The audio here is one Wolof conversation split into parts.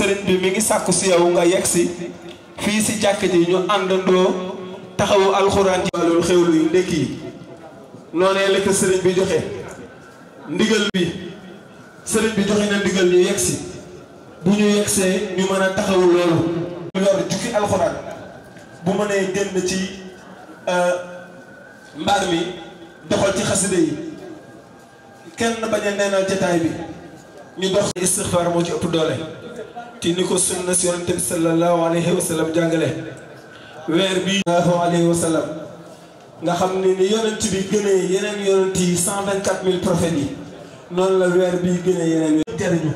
sëriñ bi mi ngi sàkku si yow nga yegg si fii si jàkk yi ñu àndandoo taxawu alxuraan ci wàllu xewlu ndekki yi noonee la sëriñ bi joxe ndigal bi sëriñ bi joxe na ndigal ñu yegg si bu ñu yegsee ñu mën a taxawu loolu ñu yor jukki alxuraan bu mënee génn ci euh, mbaar mi doxal ci xasida yi kenn bañ neenal jataay bi ñu dox ci moo ci ëpp doole te ni ko sunna si yonente bi sallallahu alayhi wa jàngale weer bi sallallahu alayhi wa nga xam ne ni yonent bi gënee yeneen yonent yi cent vingt quatre mille prophètes yi noonu la weer bi gënee yeneen jariñu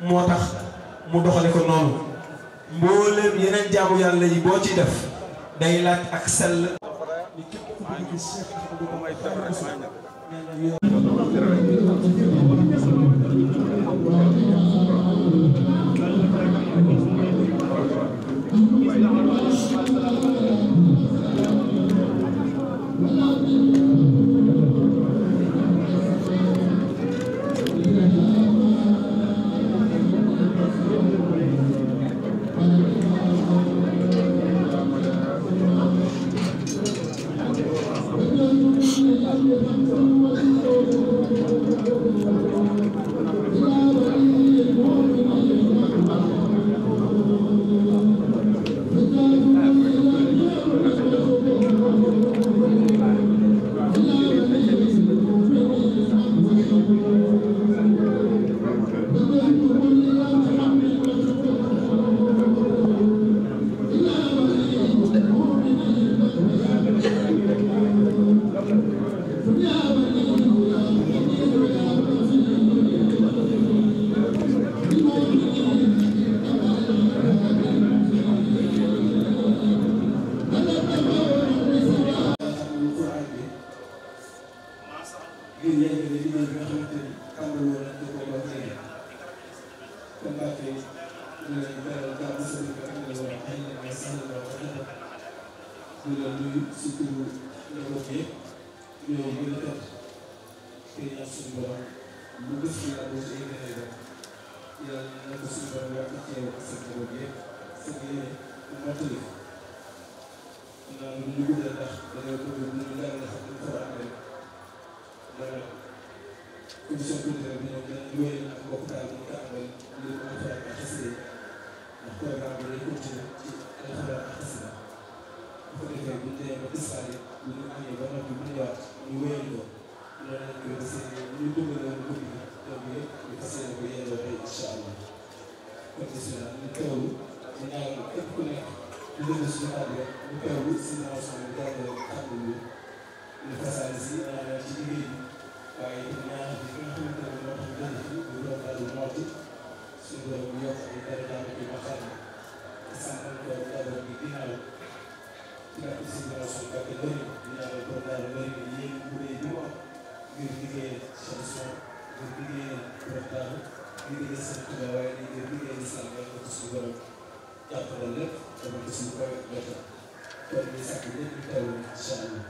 moo tax mu doxale ko noonu mbooleem yeneen jaamu yàlla yi boo ci def day laaj ak sell yëgale li may nga xamante ni am na loolu da koo doon tey kon Mbacke ñu lay beral gàmm sëriñ bi ak la war ay la ay sax la war a di la nuyu surtout njaboot yi yow bu la tëdd te ñaan suñu borom bu gis ci laa doon ci yëgale la yàlla na ko suñu borom yàq ci yow ak sa njaboot yi sa yéene bu mottali ndax lu ñu guddal ndax da ngay bëgg lu ñu dara nga xam ne ko àndal commission culturelle bi ñoom dañu wéy ak mbokk taal bi ñu tàmbali li mu am ak xasida ndax programme bi day continuer ci alxabar ak xasida bu ko defee bu ñu demee ba installé lu ñu amee ba noppi bu ñu ñëwaat ñu wéyal ko loolu lañ koy desee ñu dundaloon guddi gi donc yëpp ñu fas yéene ko yelloo tey incha allah kon bisimilah ñu teewlu ñu ñaanal képp ku nekk ñu déglu suñu kàddu ñu teewlu si naaw suñu jàngale kàddu yi ñu fasaale si ñaanal ci liggéey bi waaye itam ñaar ñi fi ñu tudd tamit moo tax dëgg fi bu doon daal di moytu suñu borom yokk ay darajaam ci maxaar bi te sant nañ ko dara bi ginnaaw ci la ci suñu borom suñu kàddu bëri di ñaanal ko daal bëri bi yéen bu dee bi wax ngir liggéeyal chanson ngir liggéeyal portable ngir liggéeyal seen tuba waaye ngir liggéeyal seen yàlla ko suñu borom jàppale lépp dama ko suñu borom jot kon ñu sàkk ñëpp ñu teewlu incha allah